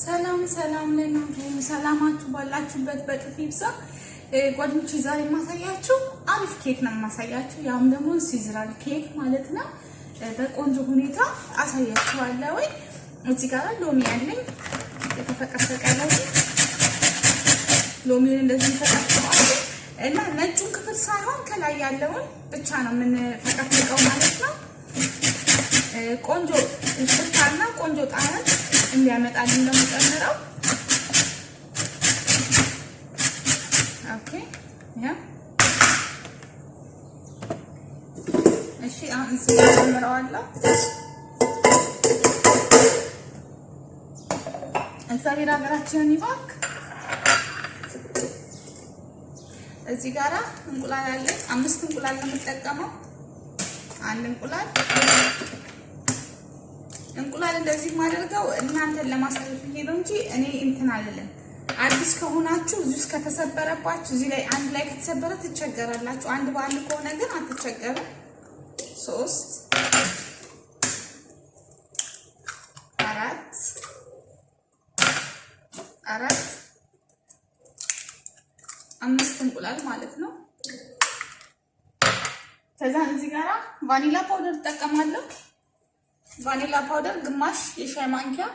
ሰላም ሰላም ለእናንተም ሰላማችሁ ባላችሁበት በጥፍ ይብዛ። ጓደኞቼ ዛሬ የማሳያችሁ አሪፍ ኬክ ነው የማሳያችሁ። ያም ደግሞ ሲዝራል ኬክ ማለት ነው። በቆንጆ ሁኔታ አሳያችኋለሁ። ወይ እዚህ ጋር ሎሚ ያለኝ የተፈቀፈቀ ሎሚ፣ ሎሚውን እንደዚህ ተቀጥቷል እና ነጩን ክፍል ሳይሆን ከላይ ያለውን ብቻ ነው የምንፈቀፍቀው ማለት ነው። ቆንጆ ሽታና ቆንጆ ጣዕም እንዲያመጣልን ነው የምጨምረው። ኦኬ ያ እሺ፣ አሁን እዚህ ጨምረዋለሁ። እግዚአብሔር ሀገራችንን ይባርክ። እዚህ ጋራ እንቁላል አለ። አምስት እንቁላል ነው የምጠቀመው። አንድ እንቁላል እንቁላል እንደዚህ ማደርገው እናንተን ለማሳየት ብዬ ነው እንጂ እኔ እንትን አይደለም። አዲስ ከሆናችሁ እዚህ ውስጥ ከተሰበረባችሁ እዚህ ላይ አንድ ላይ ከተሰበረ ትቸገራላችሁ። አንድ በአንድ ከሆነ ግን አትቸገርም። ሶስት አራት አራት አምስት እንቁላል ማለት ነው። ከዛ እዚህ ጋራ ቫኒላ ፓውደር ትጠቀማለሁ። ቫኒላ ፓውደር ግማሽ የሻይ ማንኪያ።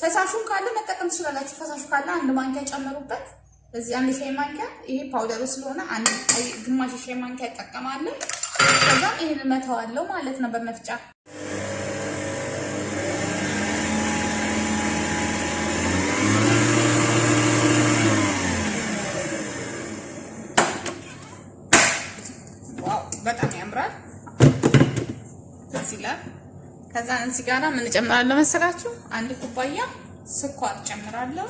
ፈሳሹን ካለ መጠቀም ትችላላችሁ። ፈሳሹ ካለ አንድ ማንኪያ ጨምሩበት። በዚህ አንድ ሻይ ማንኪያ ይሄ ፓውደሩ ስለሆነ አንድ ግማሽ የሻይ ማንኪያ እጠቀማለሁ። ከዛ ይሄን መተዋለው ማለት ነው በመፍጫ ይላል። ከዛ እዚህ ጋራ ምን ጨምራለሁ መሰላችሁ? አንድ ኩባያ ስኳር ጨምራለሁ።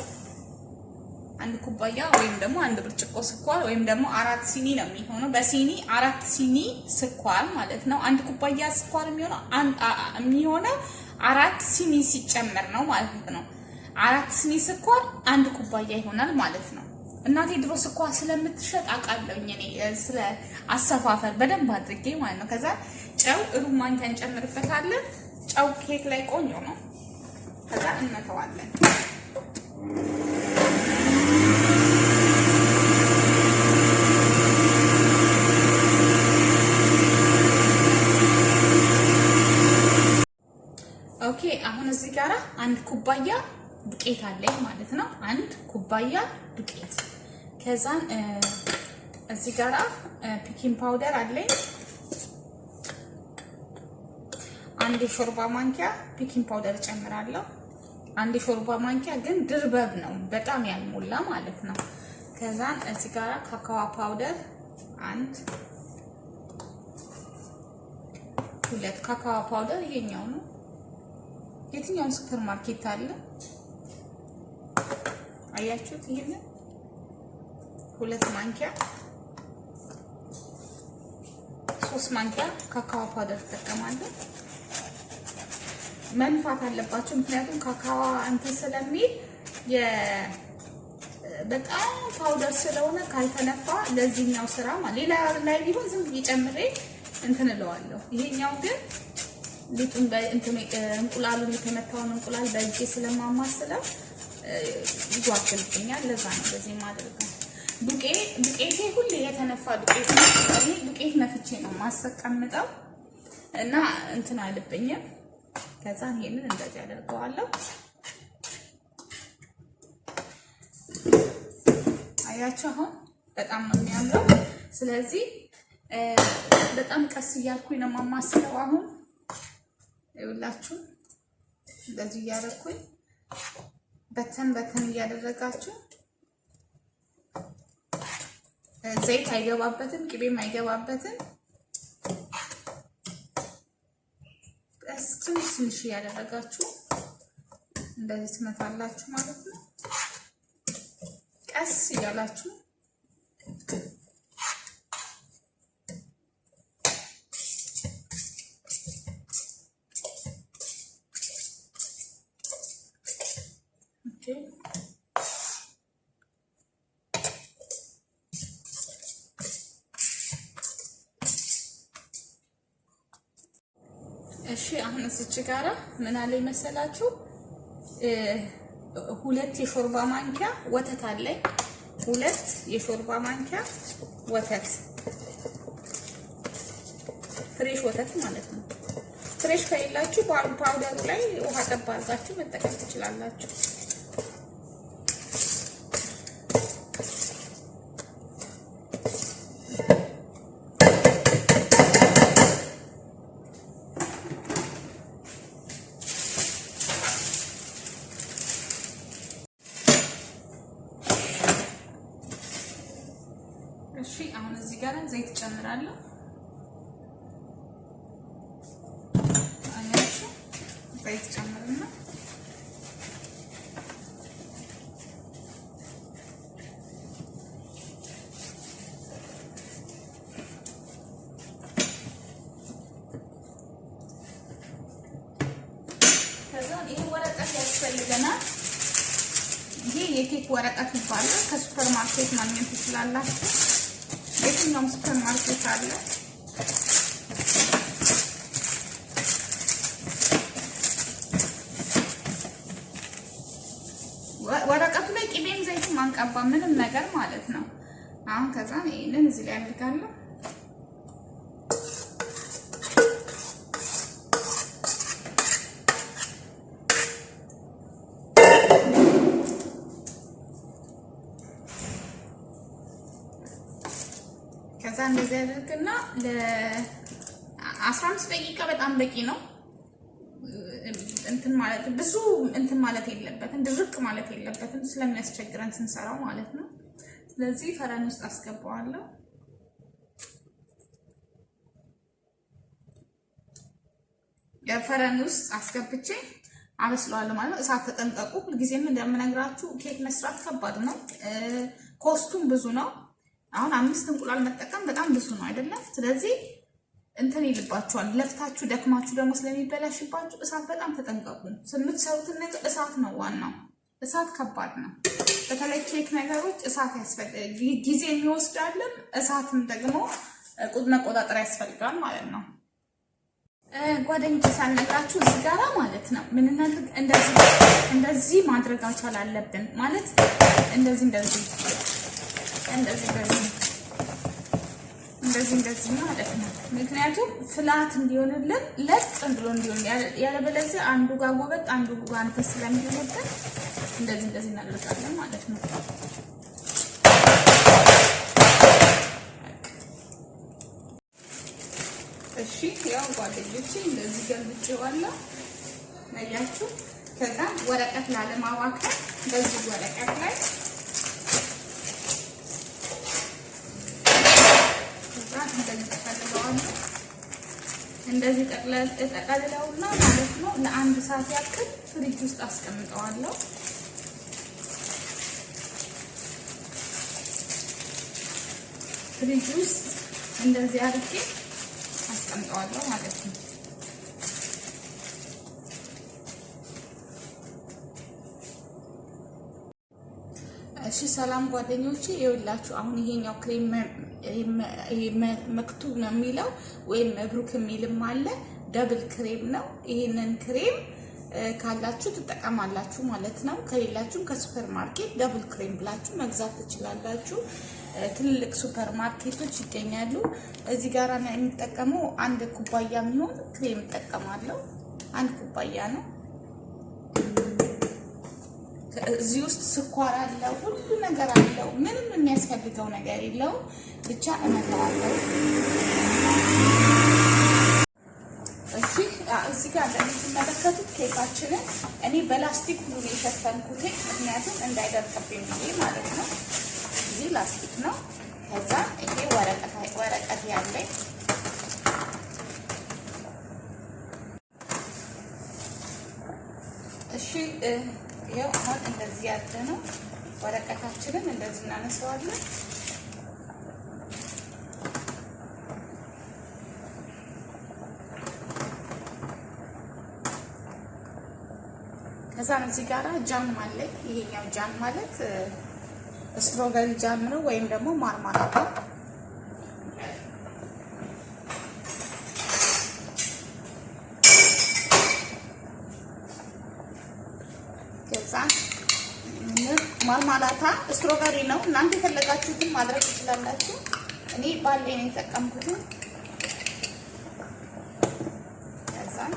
አንድ ኩባያ ወይም ደግሞ አንድ ብርጭቆ ስኳር ወይም ደግሞ አራት ሲኒ ነው የሚሆነው። በሲኒ አራት ሲኒ ስኳር ማለት ነው። አንድ ኩባያ ስኳር የሚሆነው አንድ የሚሆነው አራት ሲኒ ሲጨመር ነው ማለት ነው። አራት ሲኒ ስኳር አንድ ኩባያ ይሆናል ማለት ነው። እናቴ ድሮ ስኳር ስለምትሸጥ አውቃለሁ እኔ ስለ አሰፋፈር በደንብ አድርጌ ማለት ነው። ከዛ ጨው ሩብ ማንኪያ እንጨምርበታለን። ጨው ኬክ ላይ ቆንጆ ነው። ከዛ እንመተዋለን። ኦኬ አሁን እዚህ ጋራ አንድ ኩባያ ዱቄት አለኝ ማለት ነው። አንድ ኩባያ ዱቄት ከዛን እዚህ ጋራ ፒኪን ፓውደር አለኝ አንድ የሾርባ ማንኪያ ቤኪንግ ፓውደር ጨምራለሁ። አንድ የሾርባ ማንኪያ ግን ድርበብ ነው፣ በጣም ያልሞላ ማለት ነው። ከዛን እዚህ ጋር ካካዋ ፓውደር አንድ ሁለት ካካዎ ፓውደር ይሄኛው ነው። የትኛውን ሱፐር ማርኬት አለ አያችሁት? ይሄንን ሁለት ማንኪያ ሶስት ማንኪያ ካካዋ ፓውደር ትጠቀማለሁ። መንፋት አለባቸው። ምክንያቱም ካካዋ እንትን ስለሚል በጣም ፓውደር ስለሆነ ካልተነፋ ለዚህኛው ስራ ሌላ ላይ ቢሆን ዝም ብዬ ጨምሬ እንትን እለዋለሁ። ይሄኛው ግን ሊጡን እንቁላሉን የተመታውን እንቁላል በእጄ ስለማማስለው ይጓግልብኛል። ለዛ ነው በዚህ ማድረገው። ዱቄቴ ሁሌ የተነፋ ዱቄት ዱቄት ነፍቼ ነው ማስቀምጠው እና እንትን አይልብኝም። ከዛ ይሄንን እንደዚህ አደርገዋለሁ። አያችሁ አሁን በጣም ነው የሚያምረው። ስለዚህ በጣም ቀስ እያልኩኝ ነው የማማስለው። አሁን ይኸውላችሁ እንደዚህ እያደረኩኝ በተን በተን እያደረጋችሁ ዘይት አይገባበትም፣ ቅቤም አይገባበትም። ትንሽ ትንሽ እያደረጋችሁ እንደዚህ ትመታላችሁ ማለት ነው። ቀስ እያላችሁ አሁን እዚች ጋራ ምን አለ ይመስላችሁ? ሁለት የሾርባ ማንኪያ ወተት አለኝ። ሁለት የሾርባ ማንኪያ ወተት ፍሬሽ ወተት ማለት ነው። ፍሬሽ ከሌላችሁ ፓውደሩ ላይ ውሃ ጠብ አድርጋችሁ መጠቀም ትችላላችሁ። ዘይት ጨምርና ይሄ የኬክ ወረቀት ይባላል። ከሱፐር ማርኬት ማግኘት ትችላላችሁ። የትኛውም ሱፐር ማርኬት አለ። የምንቀባ ምንም ነገር ማለት ነው። አሁን ከዛ ይሄንን እዚህ ላይ አድርጋለሁ። ከዛ እንደዚህ አድርግና ለ 15 ደቂቃ በጣም በቂ ነው። እንትን ማለት ብዙ እንትን ማለት የለበትም ድርቅ ማለት የለበትም ስለሚያስቸግረን ስንሰራው ማለት ነው። ስለዚህ ፈረን ውስጥ አስገባዋለሁ። ፈረን ውስጥ አስገብቼ አበስለዋለሁ ማለት ነው። እሳት ተጠንቀቁ። ሁልጊዜም እንደምነግራችሁ ኬክ መስራት ከባድ ነው። ኮስቱም ብዙ ነው። አሁን አምስት እንቁላል መጠቀም በጣም ብዙ ነው አይደለም? ስለዚህ እንትን ይልባችኋል። ለፍታችሁ ደክማችሁ ደግሞ ስለሚበላሽባችሁ እሳት በጣም ተጠንቀቁ። የምትሰሩትን ነገር እሳት ነው ዋናው። እሳት ከባድ ነው። በተለይ ኬክ ነገሮች እሳት ያስፈልጋል፣ ጊዜ የሚወስዳለን። እሳትም ደግሞ ቁጥ መቆጣጠር ያስፈልጋል ማለት ነው። ጓደኞች ሳልነግራችሁ እዚህ ጋራ ማለት ነው ምን እናድርግ፣ እንደዚህ ማድረግ መቻል አለብን ማለት እንደዚህ እንደዚህ እንደዚህ እንደዚህ እንደዚህ እንደዚህ ማለት ነው። ምክንያቱም ፍላት እንዲሆንልን ለጥ ብሎ እንዲሆን ያለበለዚያ አንዱ ጋር ጎበጥ አንዱ ጋር አንተስ ስለሚሆንብን እንደዚህ እንደዚህ እናደርጋለን ማለት ነው። እሺ ያው ጓደኞቼ እንደዚህ ገልብጬዋለሁ። ነያችሁ ከዛ ወረቀት ላለማዋከል በዚህ ወረቀት ላይ እንደዚህ ጠቀልለውና ማለት ነው ለአንድ ሰዓት ያክል ፍሪጅ ውስጥ አስቀምጠዋለሁ። ፍሪጅ ውስጥ እንደዚህ አድርጌ አስቀምጠዋለሁ ማለት ነው። እሺ ሰላም ጓደኞቼ፣ ይኸውላችሁ አሁን ይሄኛው ክሬም መክቱብ ነው የሚለው ወይም መብሩክ የሚልም አለ። ደብል ክሬም ነው። ይህንን ክሬም ካላችሁ ትጠቀማላችሁ ማለት ነው። ከሌላችሁም ከሱፐር ማርኬት ደብል ክሬም ብላችሁ መግዛት ትችላላችሁ። ትልልቅ ሱፐር ማርኬቶች ይገኛሉ። እዚህ ጋር የሚጠቀመው አንድ ኩባያ የሚሆን ክሬም እጠቀማለሁ። አንድ ኩባያ ነው። እዚህ ውስጥ ስኳር አለው፣ ሁሉ ነገር አለው። ምንም የሚያስፈልገው ነገር የለው። ብቻ እመታዋለሁ። እሺ፣ እዚህ ጋር እንደምትመለከቱት ኬካችንን እኔ በላስቲክ ሁሉ የሸፈንኩት ምክንያቱም እንዳይደርቅብኝ ብዬ ማለት ነው። እዚህ ላስቲክ ነው። ከዛ ይሄ ወረቀት ያለኝ እሺ ያው አሁን እንደዚህ ያለ ነው። ወረቀታችንን እንደዚህ እናነሳዋለን። ከዛ እዚህ ጋራ ጃም አለ። ይሄኛው ጃም ማለት ስትሮበሪ ጃም ነው ወይም ደግሞ ነው። ማላታ ስትሮበሪ ነው። እናንተ የፈለጋችሁትን ማድረግ ትችላላችሁ። እኔ ባሌ ነው የተጠቀምኩትን። ከዛን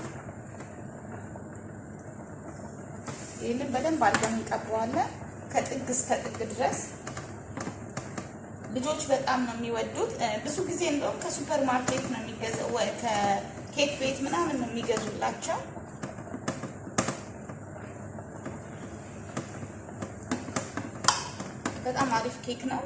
ይህንን በደንብ አድርገን እንቀባዋለን ከጥግ እስከ ጥግ ድረስ። ልጆች በጣም ነው የሚወዱት። ብዙ ጊዜ እንደውም ከሱፐር ማርኬት ነው የሚገዛው፣ ከኬክ ቤት ምናምን ነው የሚገዙላቸው በጣም አሪፍ ኬክ ነው።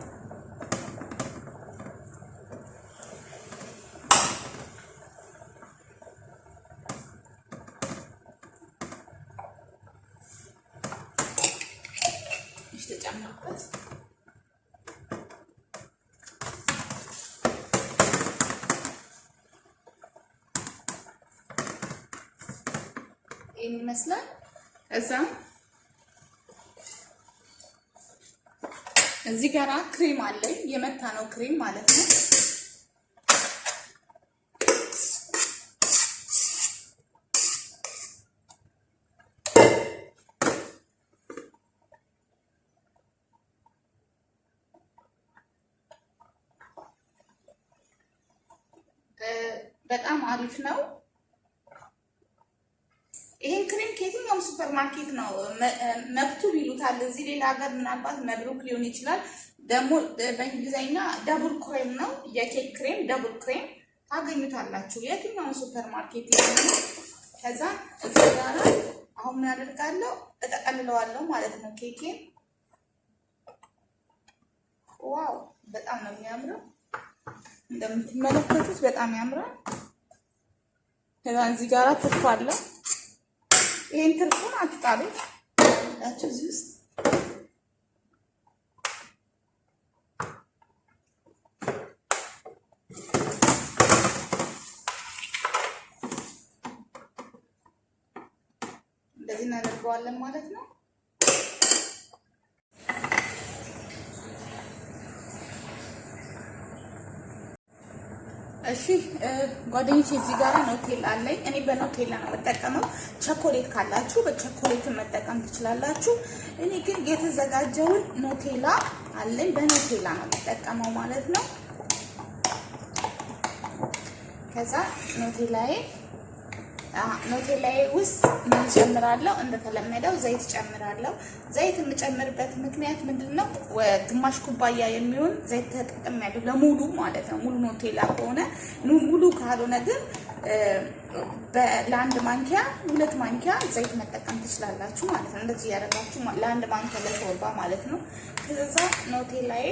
ይህን ይመስላል እዛም እዚህ ጋራ ክሬም አለኝ የመታ ነው ክሬም ማለት ነው። በጣም አሪፍ ነው ይሄን ከየትኛውም ሱፐር ማርኬት ነው። መክቱብ ይሉታል እዚህ፣ ሌላ ሀገር ምናልባት መድሩክ ሊሆን ይችላል። ደግሞ በእንግሊዝኛ ደብል ክሬም ነው፣ የኬክ ክሬም ደብል ክሬም ታገኙታላችሁ የትኛውን ሱፐር ማርኬት ከዛ እዚህ ጋር አሁን ምን አደርጋለሁ እጠቀልለዋለሁ ማለት ነው ኬኬን። ዋው በጣም ነው የሚያምረው እንደምትመለከቱት በጣም ያምራል። ከዛ እዚህ ጋር አለው? ይሄን ትርፉን አትጣሉት። ያቸው እዚህ ውስጥ እንደዚህ እናደርገዋለን ማለት ነው። እሺ ጓደኞቼ እዚህ ጋር ኖቴላ አለኝ። እኔ በኖቴላ ነው የምጠቀመው። ቸኮሌት ካላችሁ በቸኮሌትን መጠቀም ትችላላችሁ። እኔ ግን የተዘጋጀውን ኖቴላ አለኝ። በኖቴላ ነው የምጠቀመው ማለት ነው። ከዛ ኖቴላዬ ኖቴላይ ውስጥ ምን እጨምራለሁ? እንደተለመደው ዘይት ጨምራለሁ ዘይት የምጨምርበት ምክንያት ምንድን ነው? ግማሽ ኩባያ የሚሆን ዘይት ተጠቅሜያለሁ፣ ለሙሉ ማለት ነው። ሙሉ ኖቴላ ከሆነ ሙሉ ካልሆነ ግን ለአንድ ማንኪያ ሁለት ማንኪያ ዘይት መጠቀም ትችላላችሁ ማለት ነው። እንደዚህ እያደረጋችሁ ለአንድ ማንኪያ ለሾርባ ማለት ነው። ከዛ ኖቴላዬ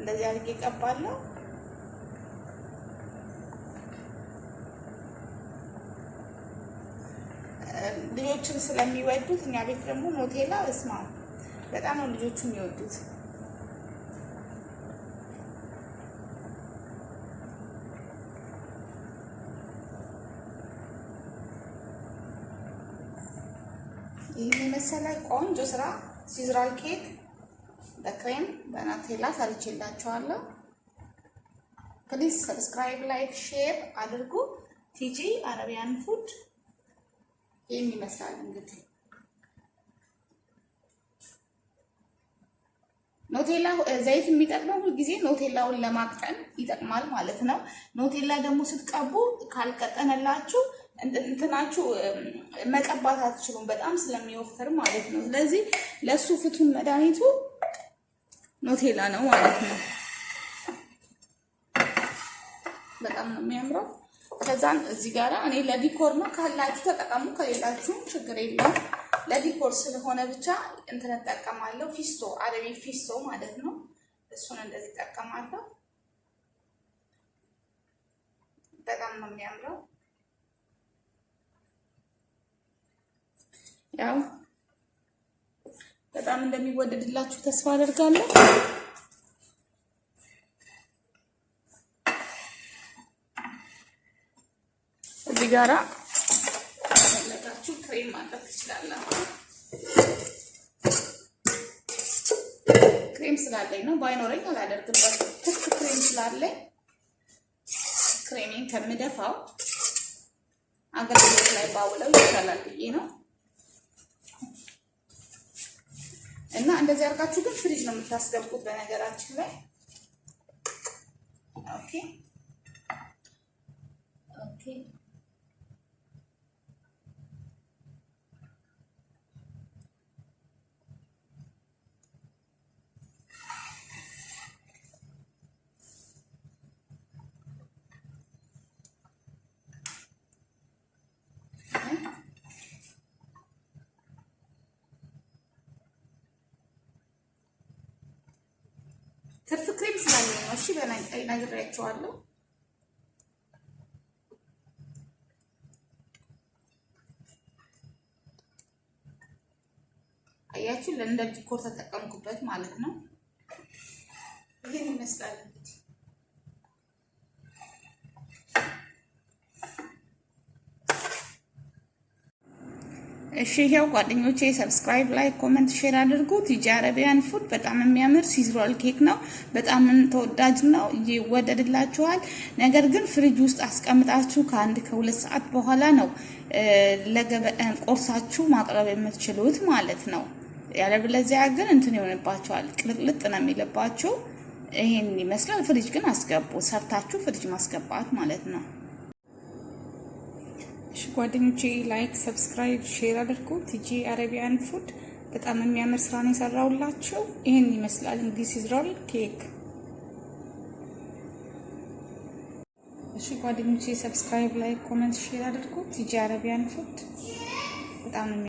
እንደዚህ አድርጌ እቀባለሁ። ልጆችም ስለሚወዱት እኛ ቤት ደግሞ ኖቴላ እስማ በጣም ነው ልጆቹ የሚወዱት። ይህን የመሰለ ቆንጆ ስራ ሲዝራል ኬክ በክሬም በናቴላ ሰርቼላችኋለሁ። ፕሊዝ ሰብስክራይብ፣ ላይክ፣ ሼር አድርጉ። ቲጂ አረቢያን ፉድ ይህም ይመስላል እንግዲህ ኖቴላ ዘይት የሚጠቅመው ጊዜ ኖቴላውን ለማቅጠን ይጠቅማል ማለት ነው። ኖቴላ ደግሞ ስትቀቡ ካልቀጠነላችሁ እንትናችሁ መቀባት አትችሉም፣ በጣም ስለሚወፍር ማለት ነው። ስለዚህ ለእሱ ፍቱን መድኃኒቱ ኖቴላ ነው ማለት ነው። በጣም ነው የሚያምረው። ከዛን እዚህ ጋር እኔ ለዲኮር ነው ካላችሁ ተጠቀሙ፣ ከሌላችሁም ችግር የለም። ለዲኮር ስለሆነ ብቻ እንትን እጠቀማለሁ። ፊስቶ አረቢ ፊስቶ ማለት ነው። እሱን እንደዚህ እጠቀማለሁ። በጣም ነው የሚያምረው። ያው በጣም እንደሚወደድላችሁ ተስፋ አደርጋለሁ። እዚህ ጋራ ከፈለጋችሁ ክሬም ማድረግ ትችላላችሁ። ክሬም ስላለኝ ነው፣ ባይኖረኝ አላደርግበት። ክፍት ክሬም ስላለኝ ክሬሜን ከምደፋው አገልግሎት ላይ ባውለው ይሻላል ብዬ ነው እና እንደዚህ አድርጋችሁ ግን ፍሪጅ ነው የምታስገቡት። በነገራችን ላይ ኦኬ ትርፍ ክሬም ስላለ ነው። እሺ በላይ ነግሬያቸዋለሁ። አያችሁ፣ እንደ ዲኮር ተጠቀምኩበት ማለት ነው። ይህን ይመስላል። ይሄው ጓደኞቼ ሰብስክራይብ፣ ላይክ፣ ኮመንት፣ ሼር አድርጉ። ቲጂ አረቢያን ፉድ በጣም የሚያምር ሲዝሮል ኬክ ነው። በጣም ተወዳጅ ነው፣ ይወደድላችኋል። ነገር ግን ፍሪጅ ውስጥ አስቀምጣችሁ ከአንድ ከሁለት ሰዓት በኋላ ነው ለገበያ ቆርሳችሁ ማቅረብ የምትችሉት ማለት ነው። ያለበለዚያ ግን እንትን ይሆንባችኋል፣ ቅልጥልጥ ነው የሚለባችሁ። ይሄን ይመስላል። ፍሪጅ ግን አስገቡ፣ ሰርታችሁ ፍሪጅ ማስገባት ማለት ነው። እሺ ጓደኞቼ ላይክ፣ ሰብስክራይብ፣ ሼር አድርጉ። ቲጂ አረቢያን ፉድ በጣም የሚያምር ስራ ነው የሰራውላቸው። ይህን ይመስላል እንግዲህ ሲዝሮል ኬክ። እሺ ጓደኞቼ ሰብስክራይብ፣ ላይክ፣ ኮመንት፣ ሼር አድርጉ። ቲጂ አረቢያን ፉድ በጣም